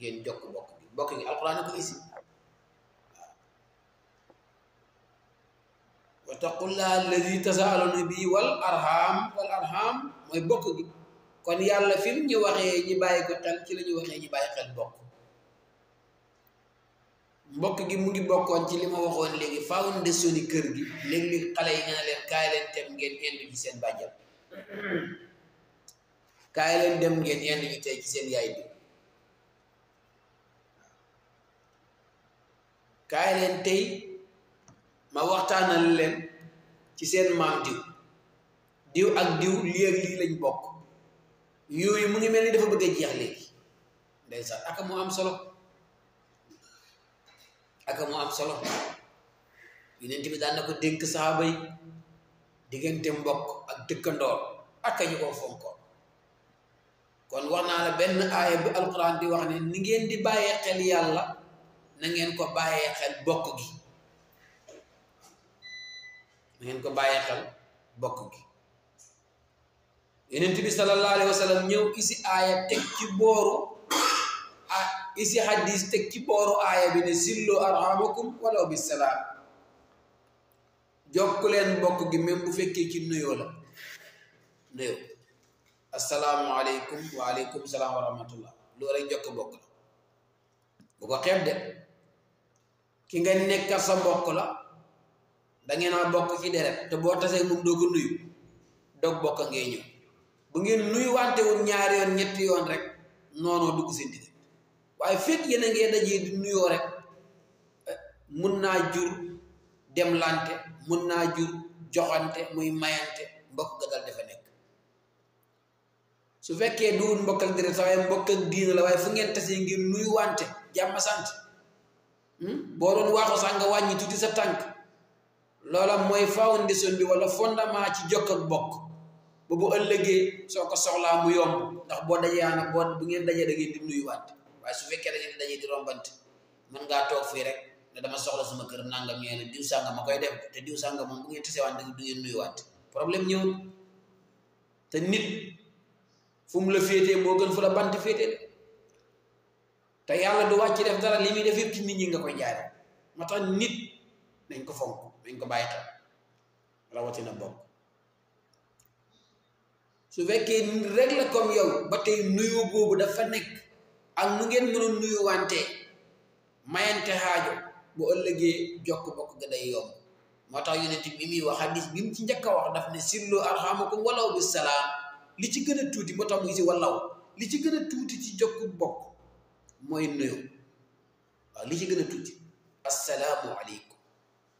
ngeen jokk mbokk bi mbokk gi alquran ko isi wa taqul la alladhi tasaaluna bi wal arham wal arham moy bokk gi kon yalla fim ñu waxe ñi baye ko tan ci lañu waxe ñi baye xel bokk mbokk gi mu ngi bokkon ci lima waxon legi léegi foundation yi kër gi leg leg xalé yi ñala leen kay leen tem ngeen indi ci seen bajjal kay leen dem ngeen indi ci tey ci seen yaay bi kaay leen tey ma waxtaanal leen ci seen maam diw diw ak diw lii ak lii lañ bokk yooyu mu ngi mel ni dafa bëgg a jeex léegi ndeysaan aka mu am solo aka mu am solo yonent bi daan na ko dénk saaba yi diggante mbokk ak dëkkandoor aka ñu ko fonkoon kon wax naa la benn aaya bi alquran di wax ne ni ngeen di bàyyee xel yàlla na ko bàyyee xel bokk gi na ko bàyyee xel bokk gi yeneen bi sallallahu alayhi wa sallam ñëw isi aaya teg ci booru ah isi hadis teg ci booru aaya bi ne sillu arhamakum walaw bi jokk leen bokk gi même bu fekkee ci nuyoo la nuyoo asalaamualeykum waaleykum salaam wa rahmatullah loolu rek jokk bokk la bu ko xeeb de ki nga nekkal sa mbokk la da ngeen a bokk ci deret te boo tasee moom doo ko nuyu doog bokk ngay ñëw bu ngeen nuyu wante wul ñaari yoon ñetti yoon rek noonoo dugg seen digg waaye fekk yéen a ngee dajee di nuyoo rek eh, mun naa jur demlante mun naa jur joxante muy mayante mbokk ga dal nekk su fekkee duwul mbokk ak deret sa waaye mbokk ak diina la waaye fu ngeen tasee ngir nuyu wante jàmm sant boo doon waaxu sax nga wàññi tuuti sa tànk loola mooy foundation bi wala fondement ci jokk bokk ba bu ëllëgee soo ko soxlaa mu yomb ndax boo dajee nag boo bu ngeen dajee da di nuyuwaat waaye su fekkee da ngeen dajee di rombante ngaa toog fii rek ne dama soxla sama kër nangam ñëwee ne diw sàngam ma koy def te diw sàngam moom bu ngeen tisewaat da du ngeen nuyuwaat problème ñëw te nit fu la féetee boo gën fu la bant féetee te yàlla du wàcc def dara li muy def yëpp nit ñi nga koy jaare moo tax nit nañ ko fonk nañ ko bàyyi xel rawatina bokk su fekkee rek la yow ba tey nuyu boobu dafa nekk ak nu ngeen mënoon nuyu wante mayante xaajo bu ëllëgee jokk bokk ga day yomb moo tax yonent bi muy wax hadis bi mu ci njëkk a wax daf ne sillu arhamakum walaw bi salaam li ci gën a tuuti moo tax mu ngi si walaw li ci gën a tuuti ci jokk bokk mooy nuyu waaw li ci gën a tuuti assalaamu aleykum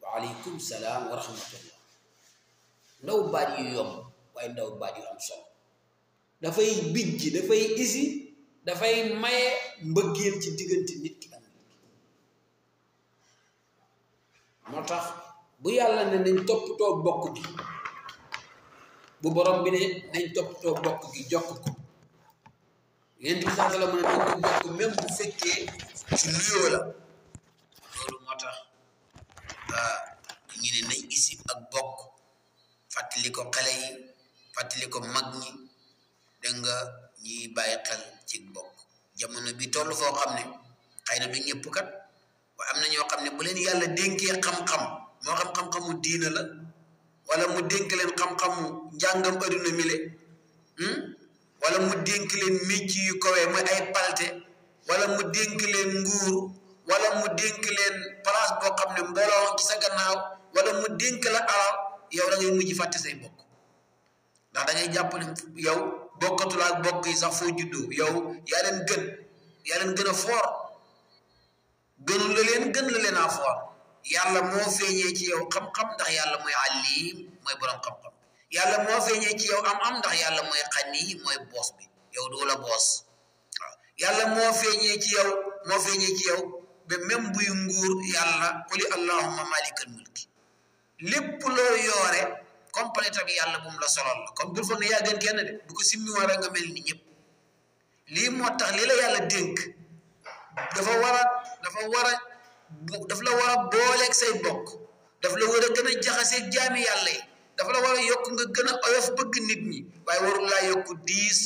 wa aleykum salaam wa rahmatullah ndaw waaye ndaw baat yu am solo dafay bijj dafay isi dafay maye mbëggeel ci diggante nit moo tax bu yàlla ne nañ toppatoo bokk gi bu borom bi ne nañ toppatoo bokk gi jokk ko yéen bi sax la mu ne nañ bokk même bu fekkee ci liyoo la fàttali nañ isib ak bokk fàttali ko xale yi fàttali ko mag ñi dégg nga ñuy bàyyi xel ci bokk jamono bi toll foo xam ne xëy na du ñëpp kat waaye am na ñoo xam ne bu yàlla dénkee xam-xam moo xam xam-xamu diina la wala mu dénk leen xam-xamu njàngam hmm? mu dénk leen mécc yu kowee mooy ay palte wala mu dénk nguur wala mu dénk place boo xam ne mbooloo ci wala mu dénk la alal yow da ngay mujj fàtte say bokk ndax da ngay jàpp ne yow bokkatula ak bokk yi sax foo juddoo yow yaa leen gën yaa leen a foor gënul gën la leen a foor yàlla moo feeñee ci yow xam-xam ndax yàlla mooy àllim mooy borom xam-xam yàlla moo feeñee ci yow am-am ndax yàlla mooy xani mooy boos bi yow doo la boos yàlla moo feeñee ci yow moo feeñee ci yow ba buy nguur yàlla quli allahumma malikal mulki lépp loo yoore complété bi yàlla bu mu la solol la comme bul foog ne yaa gën kenn de bu ko simmi war a nga mel ni ñëpp lii moo tax lii la yàlla dénk dafa war a dafa war a daf la war a booleeg say bokk daf la war a gën a jaxaseeg jaami yàlla yi dafa la war a yokk nga gën a oyof bëgg nit ñi waaye warul laa yokk diis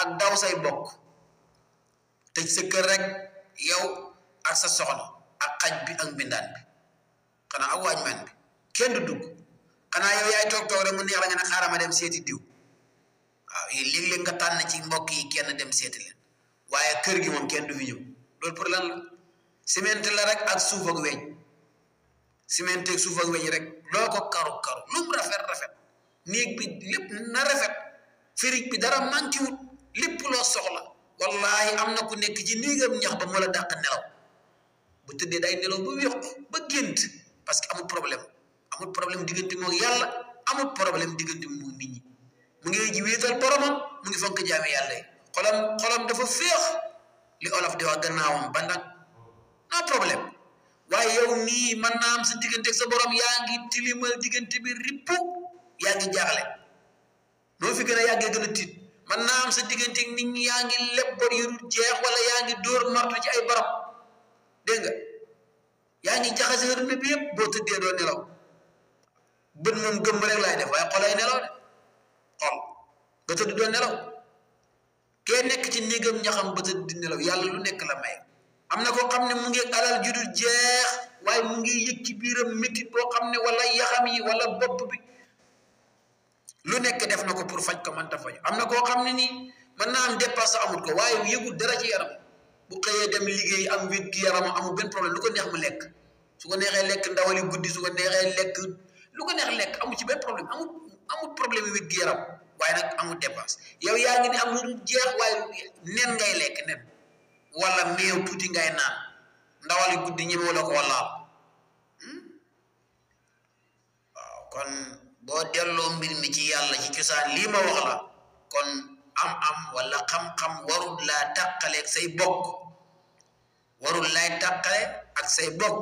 ak daw say bokk tëj sa kër rek yow ak sa soxna ak xaj bi ak mbindaan bi xanaa ak waañ man bi kenn du dugg xanaa yow yaay toog toog rek mu neex la ne xaaral dem seeti diw waaw yi léeg-léeg nga tànn ci mbokk yi kenn dem seeti leen waaye kër gi moom kenn du fi ñëw loolu pour lan la ciment la rek ak suuf ak weñ ciment ak suuf weñ rek loo ko karu karu lu rafet rafet néeg bi lépp na rafet firij bi dara manqué wut lépp loo soxla wallahi am na ku nekk ci néegam ñax ba moo la dàq nelaw bu tëddee day nelaw ba wéq ba gént parce que amul problème amul problème digënté mo yalla amul problème digënté mo nit ñi mu ngi ji wétal borom mu ngi fonk jaami yalla xolam xolam dafa feex li olaf di wax gannaawam ba nag no problème waaye yow ni man na am sa digënté sa borom yaangi tilimal digënté bi ripp yaangi jaxlé do fi gëna a gëna tit man na am sa digënté nit ñi yaangi ngi leb bor yu jeex wala yaangi door dóor martu ci ay borom dégg nga yaangi ngi jaxase bi yëpp bo tëddee do nelaw bën moom gëm rek lay def waaye xolay nelaw de xol ba tëdd doo nelaw kee nekk ci néegam ñaxam ba tëdd di nelaw yàlla lu nekk la may am na koo xam ne mu ngi alal ju dul jeex waaye mu ngi yëg ci biiram métit boo xam ne wala yaxam yi wala bopp bi lu nekk def na ko pour faj ko mënta faj am na koo xam ne nii mën naa am dépasse amul ko waaye yëgul dara ci yaram bu xëyee dem liggéey am wér gi yaram amul benn problème lu ko neex mu lekk su ko neexee lekk ndawali guddi su ko neexee lekk lu ko neex lekk amu ci benn problème amu amu problème wér yaram waaye nag amu dépense yow yaa ngi ni am lu jeex waaye nen ngay lekk nen wala meew tuuti ngay naan ndawali guddi ñemewu la ko walaal hmm? kon mbir mi ci yàlla ci cosaan lii ma kon am-am wala xam-xam warul laa tàqale ak say bokk warul laay ak say bokk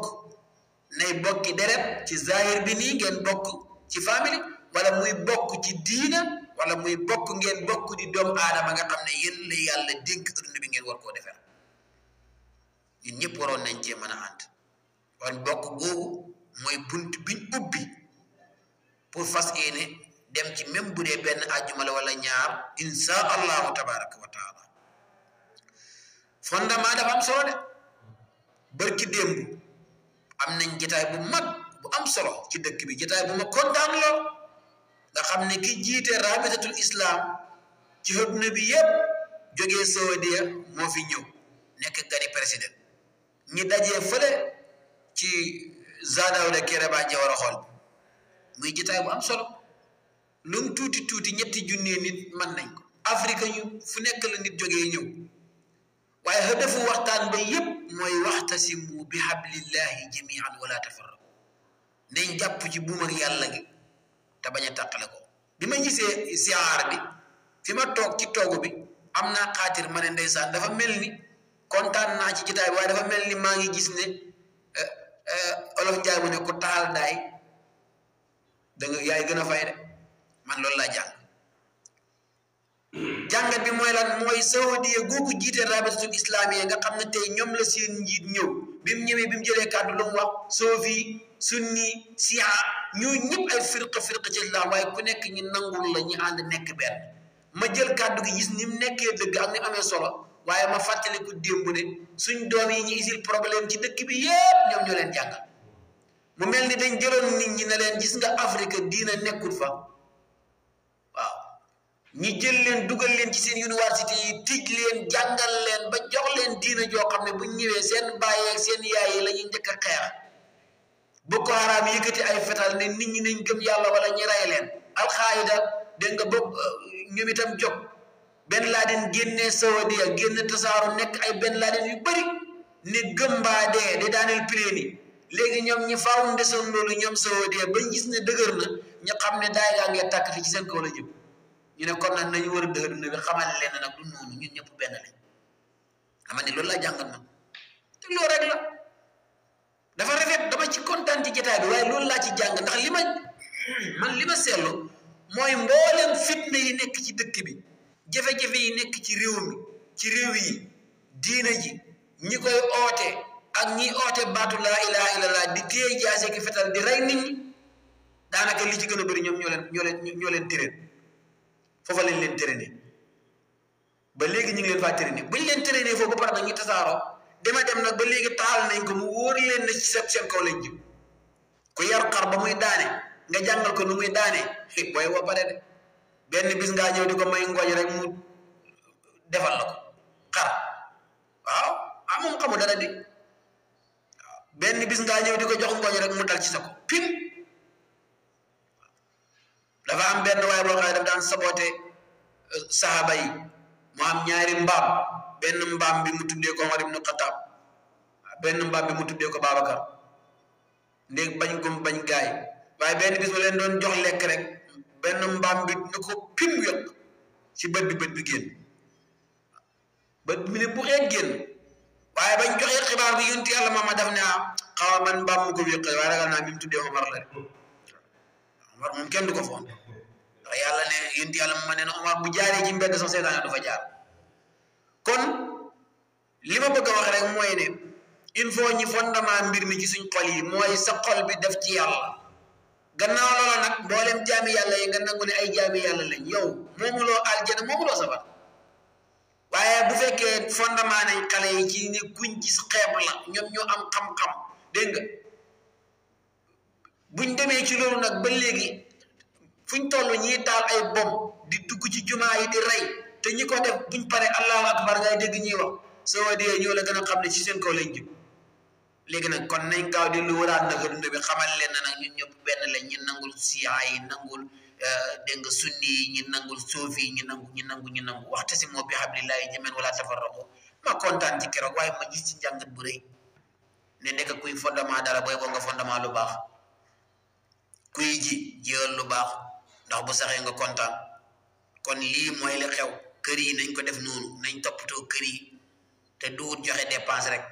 nay bokki deret ci zahir bi nii ngeen bokk ci famille wala muy bokk ci diina wala muy bokk ngeen bokk di doomu aadama nga xam ne yéen yàlla dénk adduna bi ngeen war koo defar ñun ñëpp waroon nañ cee mën a ànd bokk googu muy bunt biñ ubbi pour fas yéene dem ci même bu dee benn àjjuma la wala ñaar insha allahu tabaraka wa taala fondement dafa am solo de barki démb am nañ jataay bu mag bu am solo ci dëkk bi jataay bu ma kontaan nga xam ne ki jiite rabitatul islam ci adduna bi yépp jógee Saudia moo fi ñëw nekk gani président ñi dajee fële ci zadawle Kéréba Jawara xool bi muy jataay bu am solo lu tuuti tuuti ñetti junnee nit mën nañ ko Afrique yu fu nekk la nit jógee ñëw waaye hëdafu waxtaan ba yépp mooy waxtasimu bi hablillahi jamian wala tafarraqu nañ jàpp ci buum ak yàlla gi te bañ a tàqale ko bi ma gisee siyaar bi fi ma toog ci toogu bi am naa xaatir ma ne ndeysaan dafa mel ni kontaan naa ci jotaay bi waaye dafa mel ni maa ngi gis ne eh, eh, olof njaay mu ne ku taal daay danga nga yaay gën a fay de man loolu laa jàng jàngat bi mooy lan mooy saoudiya googu jiite rabitatul islamiya nga xam ne tey ñoom la seen njiit ñëw bi mu ñëwee bi mu jëlee kàddu lu mu wax sofi sunni sia ñoo ñëpp ay firqa firqa ci la waaye ku nekk ñi nangul la ñi ànd nekk benn ma jël kàddu gi gis ni mu nekkee dëgg ak ni amee solo waaye ma fàttaliku démb ne suñ doom yi ñu isil problème ci dëkk bi yépp ñoom ñoo leen jàngal mu mel ni dañ jëloon nit ñi ne leen gis nga Afrique diina nekkul fa ñu jël leen dugal leen ci seen université yi tij leen jàngal leen ba jox leen diina joo xam ne bu ñëwee seen baay ak seen yaay njëkk a xeex Boko Haram yëkkati ay nit ñi nañ gëm yàlla wala ñu rey leen alxaayida dégg nga bopp euh, ñoom itam jóg Ben Laden génnee Saudia génne tasaaru nekk ay Ben Laden yu bëri ne gëm mbaa dee di daaneel ñoom ñi faaw ndesoon loolu ñoom Saudia bañ gis ne dëgër na ñu xam ne daay gaa ngi tàkkati ci seen kaw la jëm ñu ne kon na ñu war a dëgër bi xamal leen nag du noonu ñun ñëpp benn lañ xamal loolu laa jàngat nag te loolu rek la dafa rafet dama ci kontaan ci jotaay bi laa ci jàng ndax li ma man li ma seetlu mooy mboolem fitna yi nekk ci dëkk bi jafe yi nekk ci réew ci réew yi diina ji ñi koy oote ak ñi oote baatu laa ilaha illallah di téye a ki fetal di rey nit ñi daanaka li ci gën a bëri ñoom ñooleen leen ñoo leen ñoo foofa lañ leen tërëne ba léegi ñu ngi leen faa tërëne buñ leen tërëne foofu par dañu tassaro dema dem nak ba léegi taal nañ ko mu wóor leen ci seen sen ko lañ jib ku yar xar ba muy daane nga jangal ko nu muy daane fi boy wa bare de benn bis nga ñew di may ngooñ rek mu defal lako xar waaw ah xamu dara di benn bis nga ñew di jox ngooñ rek mu dal ci sa ko pim dafa am benn waay boo xam ne daf daan saboté euh, sahaba yi mu am ñaari mbaam benn mbaam bi mu tuddee ko Omar ibn Khattab benn mbaam bi mu tuddee ko Babacar ndéeg bañ gum bañ gaay waaye benn bis ma leen doon jox lekk rek benn mbaam bi na ko pim yëpp ci bët bi bët bi génn bët mi ne bu xeet génn waaye bañ joxee xibaar bi yonti yàlla mama daf ne ah, xawa man mbaam mu ko wéqal waaye ragal naa bi mu tuddee Omar la Omar moom kenn du ko fonde yàlla ne yonent yàlla ma ne na bu jaaree ci mbedd sax seetaan du jaar kon li ma bëgg a wax rek mooy ne il faut ñi fondement mbir mi ci suñ xol yi mooy sa xol bi def ci yàlla gannaaw loola nag mboolem jaami yàlla yi nga nangu ay jaami yàlla lañ yow moomuloo aljana moomuloo safara waaye bu fekkee fondement nañ xale yi ci ne kuñ gis xeeb la ñoom ñoo am xam-xam dégg nga buñ demee ci loolu nag ba léegi fu ñu toll ñiy taal ay bom di dugg ci jumaa yi di rey te ñi ko def buñ pare allahu akbar ngay dégg ñuy wax soo wadee ñoo la gën a xam ne ci seen kaw lañ léegi nag kon nañ gaaw di lu waraat na adduna bi xamal leen na nag ñun ñëpp benn lañ ñu nangul siya yi nangul euh, dégg nga sunni yi ñu nangul soofi yi ñu nangu ñu nangu ñu nangu waxte si moo bi hablillahi jamii'an wala tafarraqu ma kontaan ci keroog waaye ma gis ci njàngat bu rëy ne nekk kuy fondement dara booy boo nga fondement lu baax kuy lu baax ndax bu saxee nga kontaan kon lii mooy li xew kër yi nañ ko def noonu nañ toppatoo kër yi te duut joxe dépense rek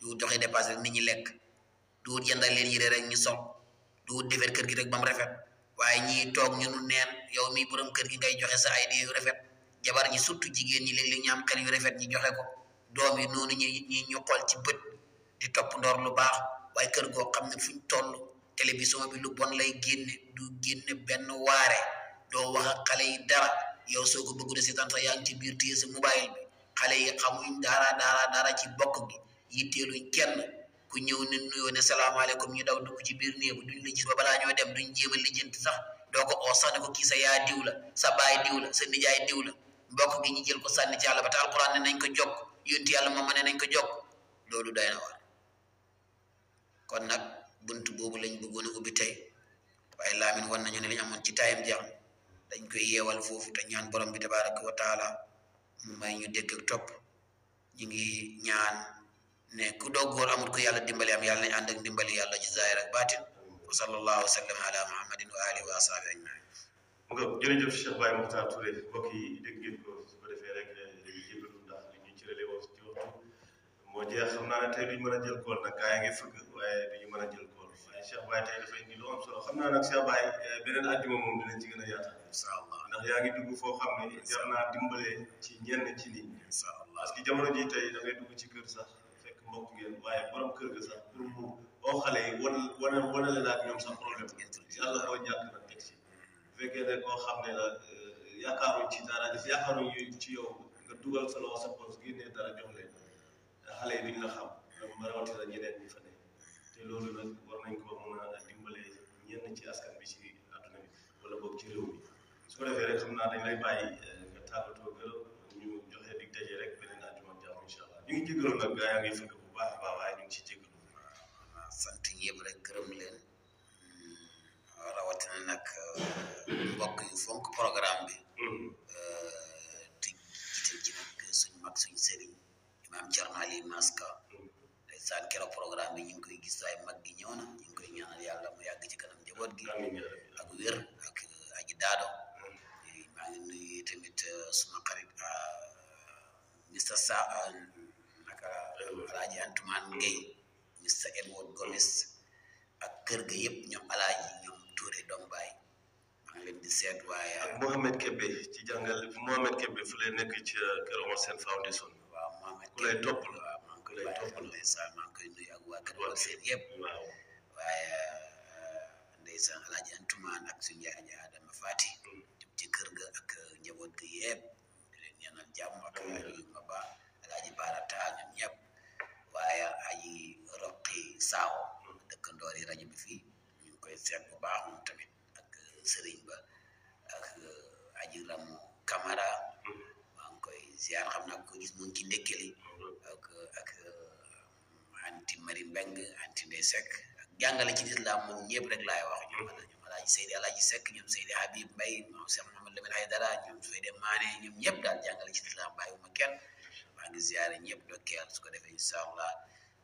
duut joxe dépense rek nit ñi lekk duut jëndal leen yére rek ñi sol duut defar kër gi rek ba mu rafet waaye ñi toog ñu nu neen yow mi borom kër gi ngay joxe sa ay idée yu rafet jabar ñi surtout jigéen ñi léeg-léeg ñu xel yu rafet ñi joxe ko doom yi noonu ñi ñu xool ci bët di topp ndoor lu baax waaye kër goo xam ne fuñ toll télévision bi lu bon lay génne du génne benn waare do wax ak xale yi dara yow soo ko bëgg de seetaan sax yaa ngi ci biir téye sa mobile bi xale yi xamuñ dara dara dara ci bokk gi yitteeluñ kenn ku ñëw ne nuyoo ne salaamaaleykum ñu daw dugg ci biir néegu duñ la gis ba balaa ñoo dem duñ jéem a lijjanti sax doo ko oo sax ne ko kii sa yaa diw la sa baay diw la sa nijaay diw la mbokk gi ñu jël ko sànni ci yàlla ba te alquran ne ko jokk yonti yàlla moom ne nañ ko jokk loolu day na war bunt boobu lañ bëggoon a ubbi tey waaye laamin wan nañu ne lañ amoon ci taayam jeex dañ koy yeewal foofu te ñaan borom bi tabaraka wa taala mu may ñu dégg ak topp ñu ngi ñaan ne ku doggoor amul ku yàlla dimbali am yàlla nañ ànd ak dimbali yàlla ci zaahir ak baatin wa sallallahu wa sallam ala muhammadin wa alihi wa ashabi ajmain moo jeex xam naa ne tey duñu mën a jël kool nag gaa yi ngi fëgg waaye duñu mën a jël kool waaye Cheikh Baye tey dafay indi lu am solo xam naa nag Cheikh Baye eh, beneen àjjuma moom dinañ ci gën a yaatal incha allah yaa ngi dugg foo xam ne naa dimbale ci ñenn ci nit incha allah parce que jamono ji tey da ngay dugg ci kër sax fekk mbokk ngeen waaye borom kër ga sax pour mu oo xale yi wan wan wanale la ak ñoom sax a ñàkk nag ci bu fekkee ne koo la eh, yaakaaruñ ci dara yaakaaruñ ci yow nga dugal sa loxo sa poche dara jox leen xale yi duñ la xam ma rawatina ñeneen ñi fa te loolu nag war nañ ko mën a dimbalee ñenn ci askan bi ci àdduna bi wala boog ci réew mi su ko naa dañ lay bàyyi eh, nga tàggatoo ñu joxe dig daje rek beneen àjjuma jàmm incha allah ñu ngi jégalu nag gaa yaa ngi fëgg bu baax a baax waaye ñu ngi ciy jégalu. sant ñëpp rek gërëm leen hmm, rawatina nag eh, mbokk yu fonk programme bi. te mm-hmm. eh, jiite ci nag suñ mag suñ imam Thierno Aliou Maska san kero programme bi ñu koy gis ay mag gi ñëw na ñu koy ñaanal yalla mu yag ci kanam njaboot gi ak wër ak eh, aji daado eh, ma ngi nuyu tamit eh, suma xarit a Mr Sa naka alaji antuman Gueye Mr Edward Gomes ak kër ga yëpp ñom alaji ñom Touré doom baay maa ngi leen di seet waaye ak Mohamed kebe ci jàngal Mohamed Kébé fu lay nekk ci Kër Omar Foundation lay topp la waaw maa ngi koy lay topp la ndeysaan maa koy nuyu ak waa kër seen yëpp waaw waaye euh, ndeysaan alaaji antumaan ak suñu yaay ja Adama Faati mm. ci ga ak euh, njaboot gi yëpp di leen ñaanal jàmm ak yu ma ba Barata ñoom ñëpp waaye aji roqi saaw mm. dëkkandoor yi rajo bi fii ñu koy seet bu baax moom tamit ak euh, sëriñ ba ak aji ramu Kamara mm. maa koy ziar xam naa ko gis mu ngi ak ak anti Mari Mbengue anti Ndeye Seck ak jàngale ci lislaam moom ñëpp rek laay wax ñoom ñoom alaaji Seydi alaaji Seck ñoom Seydi Habib Mbaye ñoom Cheikh Mouhamed Lamine Haydara ñoom Seydi Mané ñoom ñëpp daal jàngale ci lislaam bàyyiwuma kenn maa su ko defee incha allah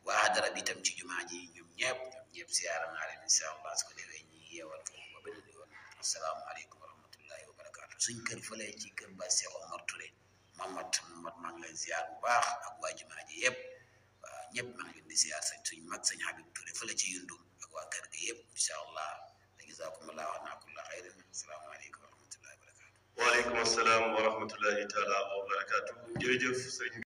waa hadara bi itam ci jumaa ji ñoom ñëpp ñoom ñëpp ziare naa leen incha ko defee ñi yeewal foofu ba beneen yoon asalaamaaleykum wa rahmatullahi wa barakaatu ci kër ba Cheikh Omar Touré Mamat Mamat maa ngi lay ziar bu baax ak waa jumaa ji yëpp waaw ñëpp maa ngi leen di ziar sañ suñ mag sañ Habib Touré fa la ci yundu ak waa kër gi yëpp incha allah la jazaakumullah wa nakulla xayran asalaamaaleykum wa rahmatullahi wa barakaatu waaleykum asalaam wa rahmatullahi taala wa barakaatu jërëjëf sëñ